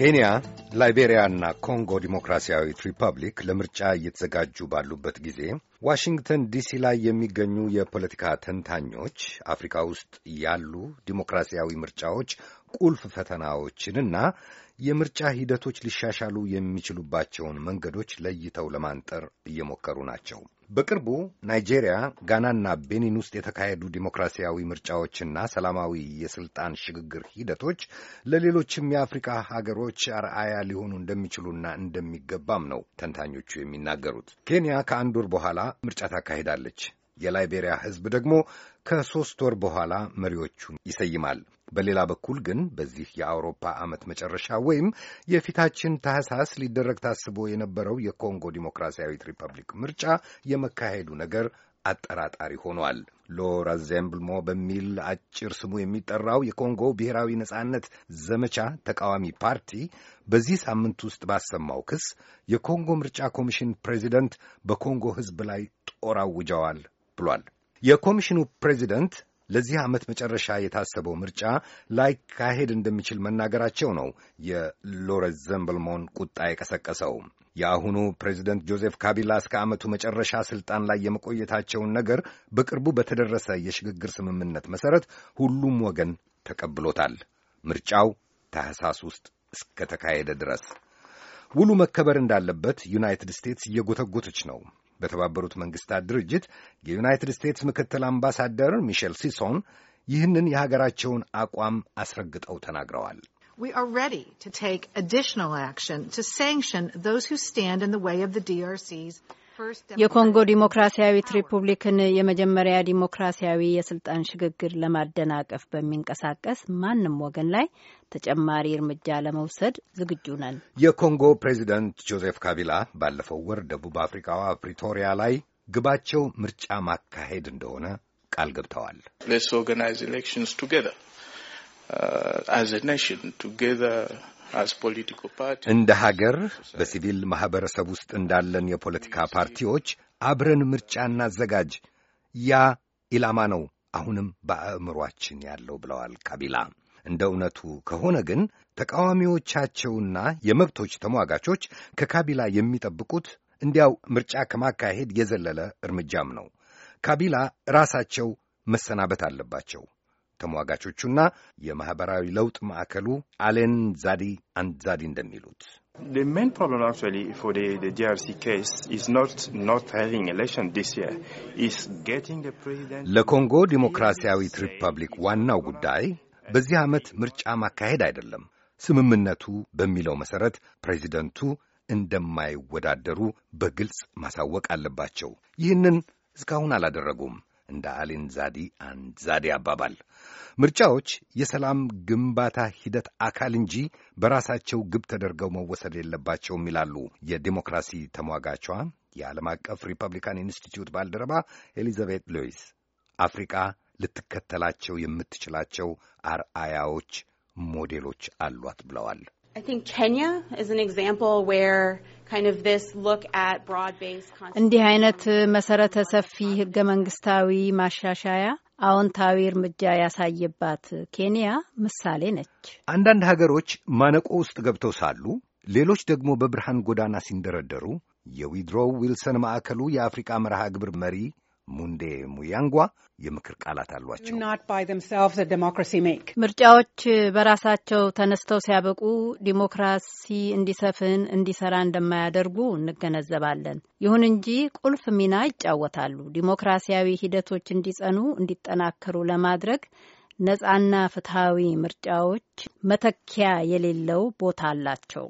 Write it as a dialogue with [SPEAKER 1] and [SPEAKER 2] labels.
[SPEAKER 1] ኬንያ፣ ላይቤሪያና ኮንጎ ዲሞክራሲያዊት ሪፐብሊክ ለምርጫ እየተዘጋጁ ባሉበት ጊዜ ዋሽንግተን ዲሲ ላይ የሚገኙ የፖለቲካ ተንታኞች አፍሪካ ውስጥ ያሉ ዲሞክራሲያዊ ምርጫዎች ቁልፍ ፈተናዎችንና የምርጫ ሂደቶች ሊሻሻሉ የሚችሉባቸውን መንገዶች ለይተው ለማንጠር እየሞከሩ ናቸው። በቅርቡ ናይጄሪያ፣ ጋናና ቤኒን ውስጥ የተካሄዱ ዲሞክራሲያዊ ምርጫዎችና ሰላማዊ የስልጣን ሽግግር ሂደቶች ለሌሎችም የአፍሪካ ሀገሮች አርአያ ሊሆኑ እንደሚችሉና እንደሚገባም ነው ተንታኞቹ የሚናገሩት። ኬንያ ከአንድ ወር በኋላ ምርጫ ታካሂዳለች። የላይቤሪያ ሕዝብ ደግሞ ከሦስት ወር በኋላ መሪዎቹን ይሰይማል። በሌላ በኩል ግን በዚህ የአውሮፓ ዓመት መጨረሻ ወይም የፊታችን ታህሳስ ሊደረግ ታስቦ የነበረው የኮንጎ ዲሞክራሲያዊት ሪፐብሊክ ምርጫ የመካሄዱ ነገር አጠራጣሪ ሆኗል። ሎራ በሚል አጭር ስሙ የሚጠራው የኮንጎ ብሔራዊ ነጻነት ዘመቻ ተቃዋሚ ፓርቲ በዚህ ሳምንት ውስጥ ባሰማው ክስ የኮንጎ ምርጫ ኮሚሽን ፕሬዚደንት በኮንጎ ሕዝብ ላይ ጦር አውጀዋል ብሏል። የኮሚሽኑ ፕሬዚደንት ለዚህ ዓመት መጨረሻ የታሰበው ምርጫ ላይካሄድ እንደሚችል መናገራቸው ነው የሎረስ ዘምብልሞን ቁጣ የቀሰቀሰው። የአሁኑ ፕሬዚደንት ጆዜፍ ካቢላ እስከ ዓመቱ መጨረሻ ስልጣን ላይ የመቆየታቸውን ነገር በቅርቡ በተደረሰ የሽግግር ስምምነት መሠረት ሁሉም ወገን ተቀብሎታል። ምርጫው ታህሳስ ውስጥ እስከ ተካሄደ ድረስ ውሉ መከበር እንዳለበት ዩናይትድ ስቴትስ እየጎተጎተች ነው። በተባበሩት መንግስታት ድርጅት የዩናይትድ ስቴትስ ምክትል አምባሳደር ሚሼል ሲሶን ይህንን የሀገራቸውን አቋም አስረግጠው ተናግረዋል።
[SPEAKER 2] የኮንጎ ዲሞክራሲያዊት ሪፑብሊክን የመጀመሪያ ዲሞክራሲያዊ የስልጣን ሽግግር ለማደናቀፍ በሚንቀሳቀስ ማንም ወገን ላይ ተጨማሪ እርምጃ ለመውሰድ ዝግጁ ነን።
[SPEAKER 1] የኮንጎ ፕሬዚደንት ጆዜፍ ካቢላ ባለፈው ወር ደቡብ አፍሪካዋ ፕሪቶሪያ ላይ ግባቸው ምርጫ ማካሄድ እንደሆነ ቃል ገብተዋል። ኦርጋናይዝ ኤሌክሽንስ ቱጌዘር አዝ ኤ ኔሽን ቱጌዘር እንደ ሀገር በሲቪል ማኅበረሰብ ውስጥ እንዳለን የፖለቲካ ፓርቲዎች አብረን ምርጫ እናዘጋጅ። ያ ኢላማ ነው አሁንም በአእምሯችን ያለው ብለዋል ካቢላ። እንደ እውነቱ ከሆነ ግን ተቃዋሚዎቻቸውና የመብቶች ተሟጋቾች ከካቢላ የሚጠብቁት እንዲያው ምርጫ ከማካሄድ የዘለለ እርምጃም ነው። ካቢላ ራሳቸው መሰናበት አለባቸው። ተሟጋቾቹና የማኅበራዊ ለውጥ ማዕከሉ አሌን ዛዲ ዛዲ እንደሚሉት ለኮንጎ ዲሞክራሲያዊት ሪፐብሊክ ዋናው ጉዳይ በዚህ ዓመት ምርጫ ማካሄድ አይደለም። ስምምነቱ በሚለው መሠረት ፕሬዚደንቱ እንደማይወዳደሩ በግልጽ ማሳወቅ አለባቸው። ይህንን እስካሁን አላደረጉም። እንደ አሊን ዛዲ ዛዲ አባባል ምርጫዎች የሰላም ግንባታ ሂደት አካል እንጂ በራሳቸው ግብ ተደርገው መወሰድ የለባቸውም ይላሉ የዲሞክራሲ ተሟጋቿ የዓለም አቀፍ ሪፐብሊካን ኢንስቲትዩት ባልደረባ ኤሊዛቤት ሎዊስ። አፍሪቃ ልትከተላቸው የምትችላቸው አርአያዎች፣ ሞዴሎች አሏት ብለዋል።
[SPEAKER 2] እንዲህ አይነት መሰረተ ሰፊ ህገ መንግስታዊ ማሻሻያ አዎንታዊ እርምጃ ያሳየባት ኬንያ ምሳሌ ነች።
[SPEAKER 1] አንዳንድ ሀገሮች ማነቆ ውስጥ ገብተው ሳሉ ሌሎች ደግሞ በብርሃን ጎዳና ሲንደረደሩ የዊድሮው ዊልሰን ማዕከሉ የአፍሪቃ መርሃ ግብር መሪ ሙንዴ ሙያንጓ የምክር ቃላት አሏቸው።
[SPEAKER 2] ምርጫዎች በራሳቸው ተነስተው ሲያበቁ ዲሞክራሲ እንዲሰፍን እንዲሰራ እንደማያደርጉ እንገነዘባለን። ይሁን እንጂ ቁልፍ ሚና ይጫወታሉ። ዲሞክራሲያዊ ሂደቶች እንዲጸኑ፣ እንዲጠናከሩ ለማድረግ ነጻና ፍትሐዊ ምርጫዎች መተኪያ የሌለው ቦታ አላቸው።